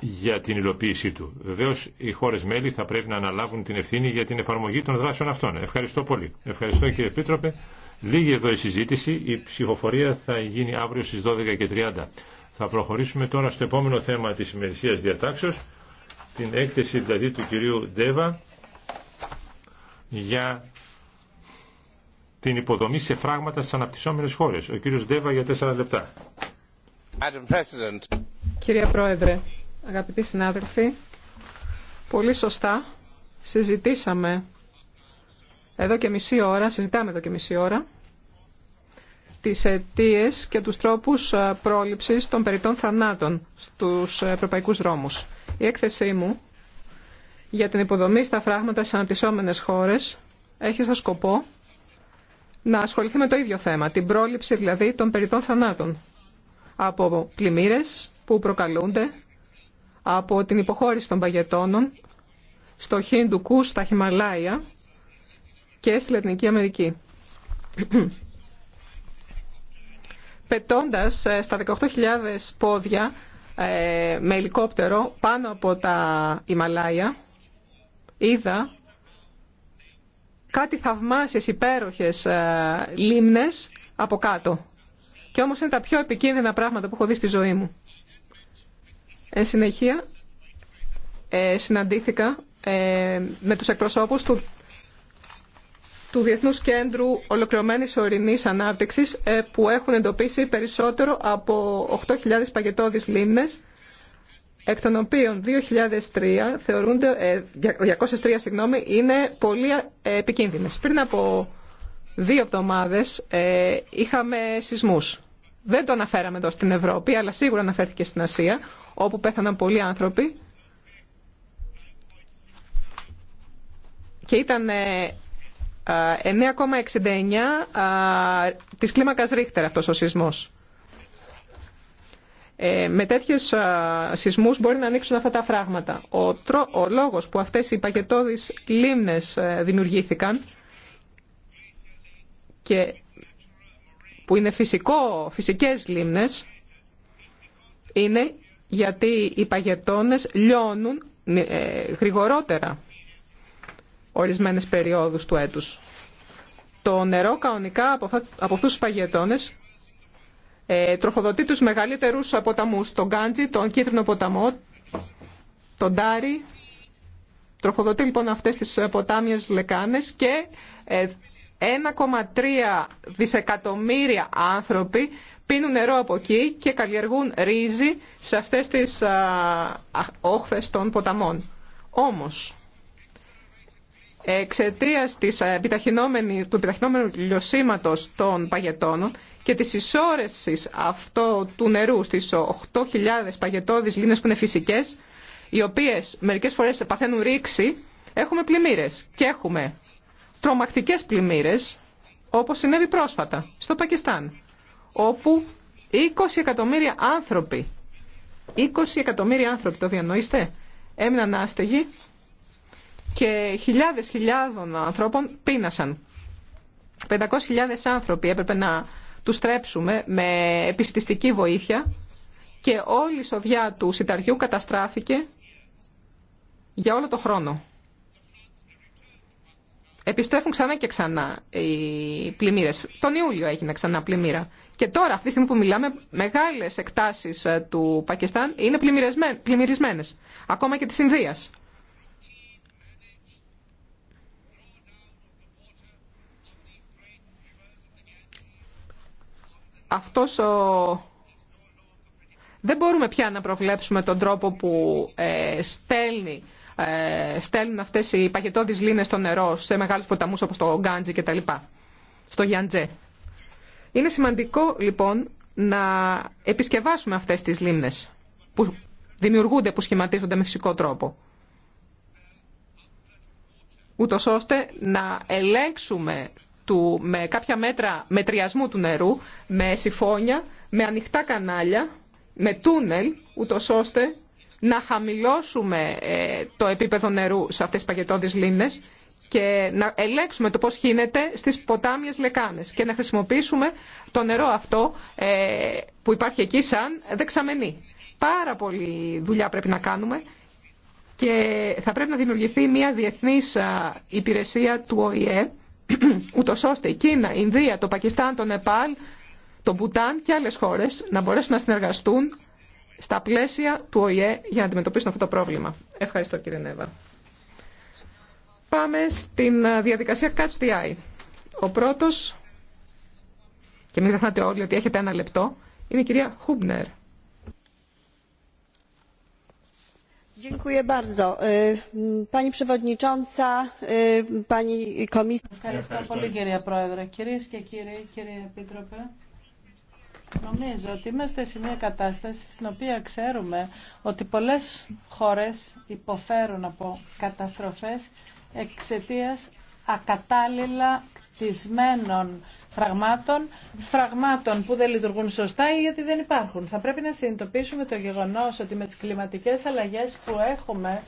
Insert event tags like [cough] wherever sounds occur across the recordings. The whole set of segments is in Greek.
για την υλοποίησή του. Βεβαίω, οι χώρε μέλη θα πρέπει να αναλάβουν την ευθύνη για την εφαρμογή των δράσεων αυτών. Ευχαριστώ πολύ. Ευχαριστώ κύριε Επίτροπε. Λίγη εδώ η συζήτηση. Η ψηφοφορία θα γίνει αύριο στι 12.30. Θα προχωρήσουμε τώρα στο επόμενο θέμα τη ημερησία διατάξεω, την έκθεση δηλαδή του κυρίου Ντέβα για την υποδομή σε φράγματα στι αναπτυσσόμενε χώρε. Ο κύριο Ντέβα για 4 λεπτά. Κυρία Πρόεδρε, αγαπητοί συνάδελφοι, πολύ σωστά συζητήσαμε εδώ και μισή ώρα, συζητάμε εδώ και μισή ώρα, τις αιτίε και τους τρόπους πρόληψης των περιττών θανάτων στους ευρωπαϊκούς δρόμους. Η έκθεσή μου για την υποδομή στα φράγματα στις αναπτυσσόμενες χώρες έχει σαν σκοπό να ασχοληθεί με το ίδιο θέμα, την πρόληψη δηλαδή των περιττών θανάτων από πλημμύρες που προκαλούνται από την υποχώρηση των παγετώνων στο Χιντουκού, στα Χιμαλάια και στη Λατινική Αμερική. [clears throat] Πετώντας ε, στα 18.000 πόδια ε, με ελικόπτερο πάνω από τα Ιμαλάια, είδα κάτι θαυμάσιες υπέροχες ε, λίμνες από κάτω. Και όμως είναι τα πιο επικίνδυνα πράγματα που έχω δει στη ζωή μου. Εν συνεχεία, ε, συναντήθηκα ε, με τους εκπροσώπους του, του Διεθνούς Κέντρου Ολοκληρωμένης Ορεινής Ανάπτυξης ε, που έχουν εντοπίσει περισσότερο από 8.000 παγετώδεις λίμνες εκ των οποίων 2003 θεωρούνται, 203 ε, συγγνώμη, είναι πολύ επικίνδυνες. Πριν από δύο εβδομάδες είχαμε σεισμούς δεν το αναφέραμε εδώ στην Ευρώπη, αλλά σίγουρα αναφέρθηκε στην Ασία, όπου πέθαναν πολλοί άνθρωποι. Και ήταν 9,69 ε, ε, της κλίμακας Ρίχτερ αυτός ο σεισμός. Ε, με τέτοιες σεισμού σεισμούς μπορεί να ανοίξουν αυτά τα φράγματα. Ο, τρο, λόγος που αυτές οι παγετώδεις λίμνες ε, δημιουργήθηκαν και που είναι φυσικό, φυσικές λίμνες, είναι γιατί οι παγετώνες λιώνουν ε, γρηγορότερα ορισμένες περιόδους του έτους. Το νερό κανονικά από, από αυτούς τους παγετώνες ε, τροφοδοτεί τους μεγαλύτερους ποταμούς, τον Γκάντζι, τον Κίτρινο Ποταμό, τον Τάρι. Τροφοδοτεί λοιπόν αυτές τις ποτάμιες λεκάνες και ε, 1,3 δισεκατομμύρια άνθρωποι πίνουν νερό από εκεί και καλλιεργούν ρύζι σε αυτές τις όχθες των ποταμών. Όμως, εξαιτία του επιταχυνόμενου λιωσίματος των παγετώνων και της ισόρεσης αυτού του νερού στις 8.000 παγετώδεις λίμνες που είναι φυσικές, οι οποίες μερικές φορές παθαίνουν ρήξη, έχουμε πλημμύρες και έχουμε τρομακτικές πλημμύρες, όπως συνέβη πρόσφατα στο Πακιστάν, όπου 20 εκατομμύρια άνθρωποι, 20 εκατομμύρια άνθρωποι, το διανοείστε, έμειναν άστεγοι και χιλιάδες χιλιάδων ανθρώπων πείνασαν. 500.000 άνθρωποι έπρεπε να τους στρέψουμε με επιστηστική βοήθεια και όλη η σοδιά του σιταριού καταστράφηκε για όλο το χρόνο επιστρέφουν ξανά και ξανά οι πλημμύρε. Τον Ιούλιο έγινε ξανά πλημμύρα. Και τώρα, αυτή τη στιγμή που μιλάμε, μεγάλε εκτάσει ε, του Πακιστάν είναι πλημμυρισμένε. Ακόμα και τη Ινδία. Αυτός ο... Δεν μπορούμε πια να προβλέψουμε τον τρόπο που ε, στέλνει ε, στέλνουν αυτές οι παγετώδεις λίμνες στο νερό σε μεγάλους ποταμούς όπως το Γκάντζι λοιπά, Στο Γιαντζέ. Είναι σημαντικό λοιπόν να επισκευάσουμε αυτές τις λίμνες που δημιουργούνται, που σχηματίζονται με φυσικό τρόπο. Ούτω ώστε να ελέγξουμε του, με κάποια μέτρα μετριασμού του νερού, με συμφώνια, με ανοιχτά κανάλια, με τούνελ, ούτω ώστε να χαμηλώσουμε ε, το επίπεδο νερού σε αυτές τις παγετώδεις λίμνες και να ελέγξουμε το πώς γίνεται στις ποτάμιες λεκάνες και να χρησιμοποιήσουμε το νερό αυτό ε, που υπάρχει εκεί σαν δεξαμενή. Πάρα πολλή δουλειά πρέπει να κάνουμε και θα πρέπει να δημιουργηθεί μια διεθνής υπηρεσία του ΟΗΕ [clears throat] ούτως ώστε η Κίνα, η Ινδία, το Πακιστάν, το Νεπάλ, το Μπουτάν και άλλες χώρες να μπορέσουν να συνεργαστούν στα πλαίσια του ΟΗΕ για να αντιμετωπίσουν αυτό το πρόβλημα. Ευχαριστώ κύριε Νέβα. Πάμε στην ε, διαδικασία Catch the Eye. Ο πρώτος, και μην ξεχνάτε όλοι ότι έχετε ένα λεπτό, είναι η κυρία Χούμπνερ. Ε, ε, Ευχαριστώ πολύ κύριε Πρόεδρε. Κυρίες και κύριοι, κύριε Επίτροπε, Νομίζω ότι είμαστε σε μια κατάσταση στην οποία ξέρουμε ότι πολλές χώρες υποφέρουν από καταστροφές εξαιτίας ακατάλληλα κτισμένων φραγμάτων, φραγμάτων που δεν λειτουργούν σωστά ή γιατί δεν υπάρχουν. Θα πρέπει να συνειδητοποιήσουμε το γεγονός ότι με τις κλιματικές αλλαγές που έχουμε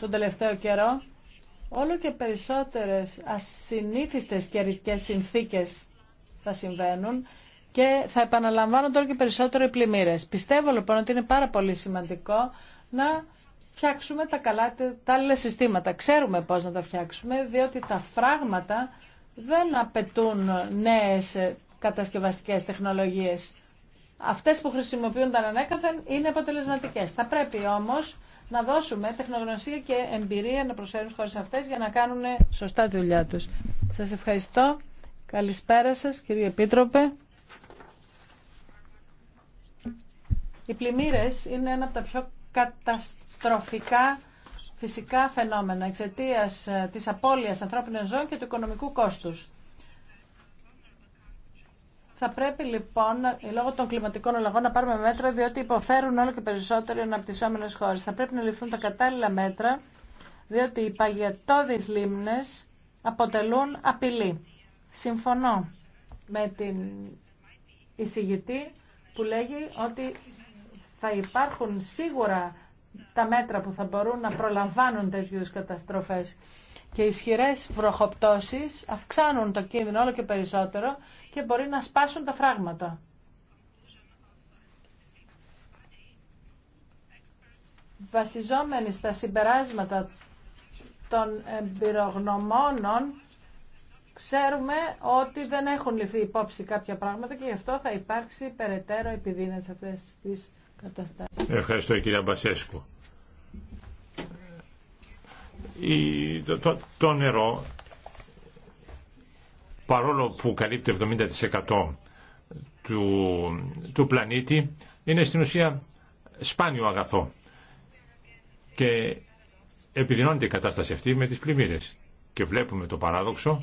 τον τελευταίο καιρό, όλο και περισσότερες ασυνήθιστες καιρικές συνθήκες θα συμβαίνουν και θα επαναλαμβάνονται όλο και περισσότερο οι πλημμύρε. Πιστεύω λοιπόν ότι είναι πάρα πολύ σημαντικό να φτιάξουμε τα καλά τα άλλα συστήματα. Ξέρουμε πώς να τα φτιάξουμε, διότι τα φράγματα δεν απαιτούν νέες κατασκευαστικές τεχνολογίες. Αυτές που χρησιμοποιούν χρησιμοποιούνταν ανέκαθεν είναι αποτελεσματικές. Θα πρέπει όμως να δώσουμε τεχνογνωσία και εμπειρία να προσφέρουν χώρες αυτές για να κάνουν σωστά τη δουλειά τους. Σας ευχαριστώ. Καλησπέρα σας κύριε Επίτροπε. Οι πλημμύρες είναι ένα από τα πιο καταστροφικά φυσικά φαινόμενα εξαιτία ε, της απώλειας ανθρώπινων ζώων και του οικονομικού κόστους. Θα πρέπει λοιπόν, ε, λόγω των κλιματικών αλλαγών, να πάρουμε μέτρα, διότι υποφέρουν όλο και περισσότερο οι αναπτυσσόμενε χώρε. Θα πρέπει να ληφθούν τα κατάλληλα μέτρα, διότι οι παγιατόδει λίμνε αποτελούν απειλή. Συμφωνώ με την εισηγητή που λέγει ότι θα υπάρχουν σίγουρα τα μέτρα που θα μπορούν να προλαμβάνουν τέτοιες καταστροφές και ισχυρές βροχοπτώσεις αυξάνουν το κίνδυνο όλο και περισσότερο και μπορεί να σπάσουν τα φράγματα. Βασιζόμενοι στα συμπεράσματα των εμπειρογνωμόνων ξέρουμε ότι δεν έχουν ληφθεί υπόψη κάποια πράγματα και γι' αυτό θα υπάρξει περαιτέρω επιδείνες αυτές τι καταστάσει. Ευχαριστώ κύριε Μπασέσκου. Η, το, το, το νερό παρόλο που καλύπτει 70% του, του πλανήτη είναι στην ουσία σπάνιο αγαθό και επιδεινώνεται η κατάσταση αυτή με τις πλημμύρες και βλέπουμε το παράδοξο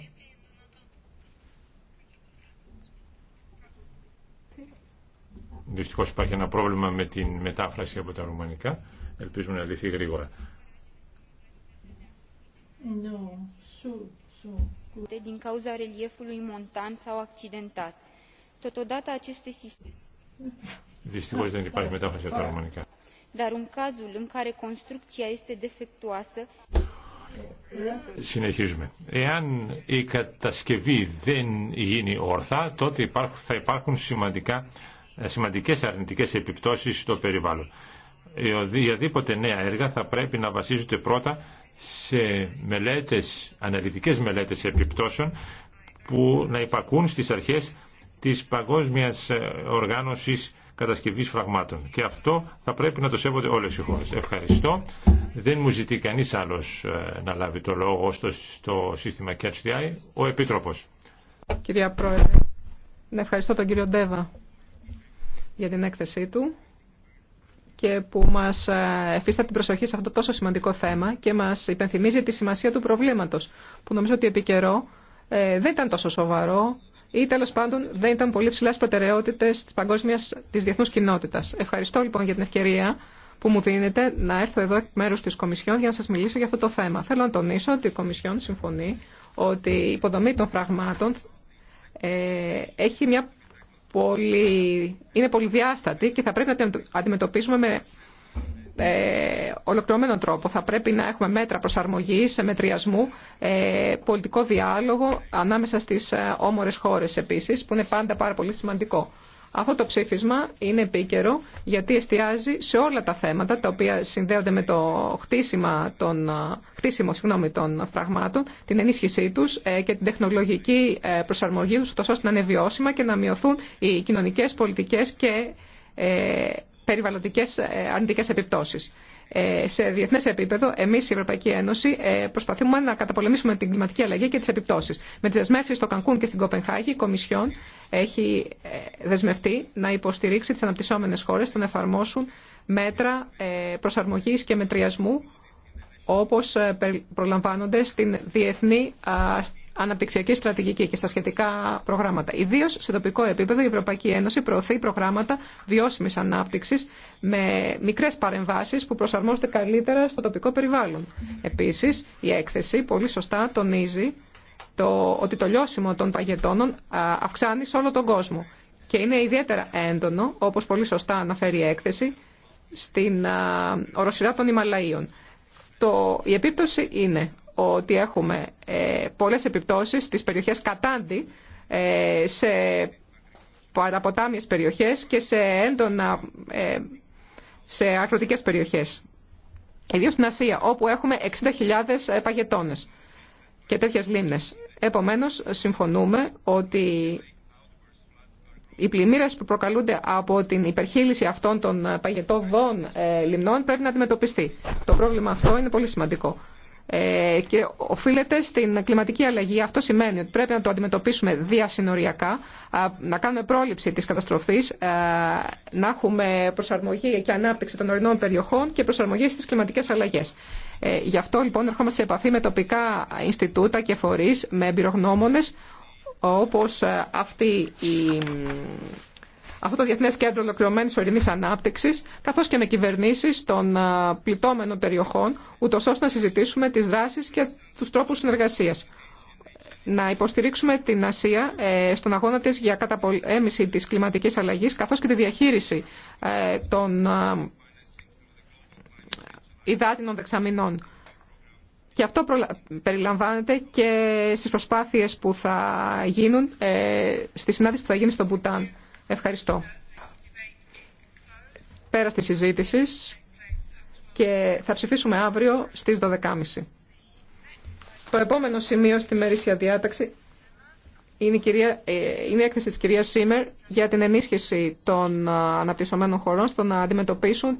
Δυστυχώ υπάρχει ένα πρόβλημα με την μετάφραση από τα ρουμανικά. Ελπίζουμε να λυθεί γρήγορα. din cauza reliefului montan sau accidentat. Totodată aceste sisteme... Δυστυχώς δεν υπάρχει μετάφραση από τα ρουμανικά. Dar în cazul în care construcția este defectuoasă... Συνεχίζουμε. Εάν η κατασκευή δεν γίνει ορθά, τότε θα υπάρχουν σημαντικά σημαντικές αρνητικές επιπτώσεις στο περιβάλλον. Οδήποτε νέα έργα θα πρέπει να βασίζονται πρώτα σε μελέτες, αναλυτικές μελέτες επιπτώσεων που να υπακούν στις αρχές της παγκόσμιας ε, οργάνωσης κατασκευής φραγμάτων. Και αυτό θα πρέπει να το σέβονται όλες οι χώρες. Ευχαριστώ. Δεν μου ζητεί κανείς άλλος ε, να λάβει το λόγο στο, στο σύστημα Eye. Ο Επίτροπος. Κυρία Πρόεδρε, να ευχαριστώ τον κύριο Ντέβα για την έκθεσή του και που μας ε, εφίστα την προσοχή σε αυτό το τόσο σημαντικό θέμα και μας υπενθυμίζει τη σημασία του προβλήματος, που νομίζω ότι επί καιρό ε, δεν ήταν τόσο σοβαρό ή τέλο πάντων δεν ήταν πολύ ψηλά προτεραιότητε τη παγκόσμια τη διεθνού κοινότητα. Ευχαριστώ λοιπόν για την ευκαιρία που μου δίνετε να έρθω εδώ εκ μέρου τη Κομισιόν για να σα μιλήσω για αυτό το θέμα. Θέλω να τονίσω ότι η Κομισιόν συμφωνεί ότι η υποδομή των φραγμάτων ε, έχει μια πολύ, είναι πολυδιάστατη και θα πρέπει να την αντιμετωπίσουμε με ε, ολοκληρωμένο τρόπο. Θα πρέπει να έχουμε μέτρα προσαρμογής, μετριασμού, ε, πολιτικό διάλογο ανάμεσα στις ε, όμορες χώρες επίσης, που είναι πάντα πάρα πολύ σημαντικό. Αυτό το ψήφισμα είναι επίκαιρο γιατί εστιάζει σε όλα τα θέματα τα οποία συνδέονται με το χτίσιμα των, χτίσιμο συγγνώμη, των φραγμάτων, την ενίσχυσή τους ε, και την τεχνολογική ε, προσαρμογή τους, ώστε να είναι βιώσιμα και να μειωθούν οι κοινωνικές, πολιτικές και ε, περιβαλλοντικές αρνητικέ επιπτώσεις. Ε, σε διεθνέ επίπεδο, εμεί η Ευρωπαϊκή Ένωση ε, προσπαθούμε να καταπολεμήσουμε την κλιματική αλλαγή και τι επιπτώσει. Με τι δεσμεύσει στο Κανκούν και στην Κοπενχάγη, η Κομισιόν έχει ε, δεσμευτεί να υποστηρίξει τι αναπτυσσόμενε χώρε να εφαρμόσουν μέτρα προσαρμογή και μετριασμού όπω προλαμβάνονται στην διεθνή αναπτυξιακή στρατηγική και στα σχετικά προγράμματα. Ιδίω σε τοπικό επίπεδο, η Ευρωπαϊκή Ένωση προωθεί προγράμματα βιώσιμη ανάπτυξη με μικρέ παρεμβάσει που προσαρμόζονται καλύτερα στο τοπικό περιβάλλον. Επίση, η έκθεση πολύ σωστά τονίζει το, ότι το λιώσιμο των παγετώνων αυξάνει σε όλο τον κόσμο. Και είναι ιδιαίτερα έντονο, όπω πολύ σωστά αναφέρει η έκθεση, στην οροσυρά των Ιμαλαΐων. Το, η επίπτωση είναι ότι έχουμε ε, πολλές επιπτώσεις στις περιοχές κατάντι, ε, σε παραποτάμιες περιοχές και σε έντονα, ε, σε αγροτικές περιοχές. Ιδίως στην Ασία, όπου έχουμε 60.000 παγετώνες και τέτοιες λίμνες. Επομένως, συμφωνούμε ότι οι πλημμύρες που προκαλούνται από την υπερχείληση αυτών των ε, λιμνών πρέπει να αντιμετωπιστεί. Το πρόβλημα αυτό είναι πολύ σημαντικό. Ε, και οφείλεται στην κλιματική αλλαγή. Αυτό σημαίνει ότι πρέπει να το αντιμετωπίσουμε διασυνοριακά, να κάνουμε πρόληψη της καταστροφής, να έχουμε προσαρμογή και ανάπτυξη των ορεινών περιοχών και προσαρμογή στις κλιματικές αλλαγές. Ε, γι' αυτό λοιπόν ερχόμαστε σε επαφή με τοπικά Ινστιτούτα και φορείς, με εμπειρογνώμονες, όπως ε, αυτή η αυτό το Διεθνές Κέντρο Ολοκληρωμένης Ορεινής Ανάπτυξης, καθώς και με κυβερνήσεις των πληττόμενων περιοχών, ούτω ώστε να συζητήσουμε τις δράσεις και τους τρόπους συνεργασίας να υποστηρίξουμε την Ασία ε, στον αγώνα της για καταπολέμηση της κλιματικής αλλαγής καθώς και τη διαχείριση ε, των υδάτινων δεξαμινών. Και αυτό περιλαμβάνεται και στις προσπάθειες που θα γίνουν ε, στη συνάντηση που θα γίνει στον Μπουτάν Ευχαριστώ. Πέρα τη συζήτηση και θα ψηφίσουμε αύριο στις 12.30. Το επόμενο σημείο στη μερίσια διάταξη είναι η, κυρία, ε, είναι η έκθεση της κυρίας Σίμερ για την ενίσχυση των ε, αναπτυσσομένων χωρών στο να αντιμετωπίσουν